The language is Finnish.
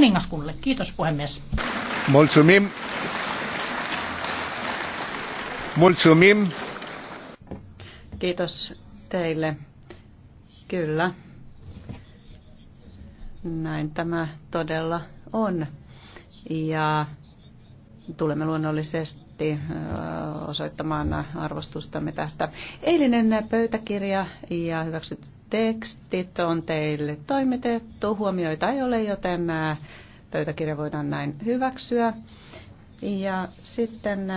kuningaskunnalle. Kiitos puhemies. Mulțumim. Mulțumim. Kiitos teille. Kyllä. Näin tämä todella on. Ja tulemme luonnollisesti osoittamaan arvostustamme tästä. Eilinen pöytäkirja ja hyväksytty tekstit on teille toimitettu. Huomioita ei ole, joten pöytäkirja voidaan näin hyväksyä. Ja sitten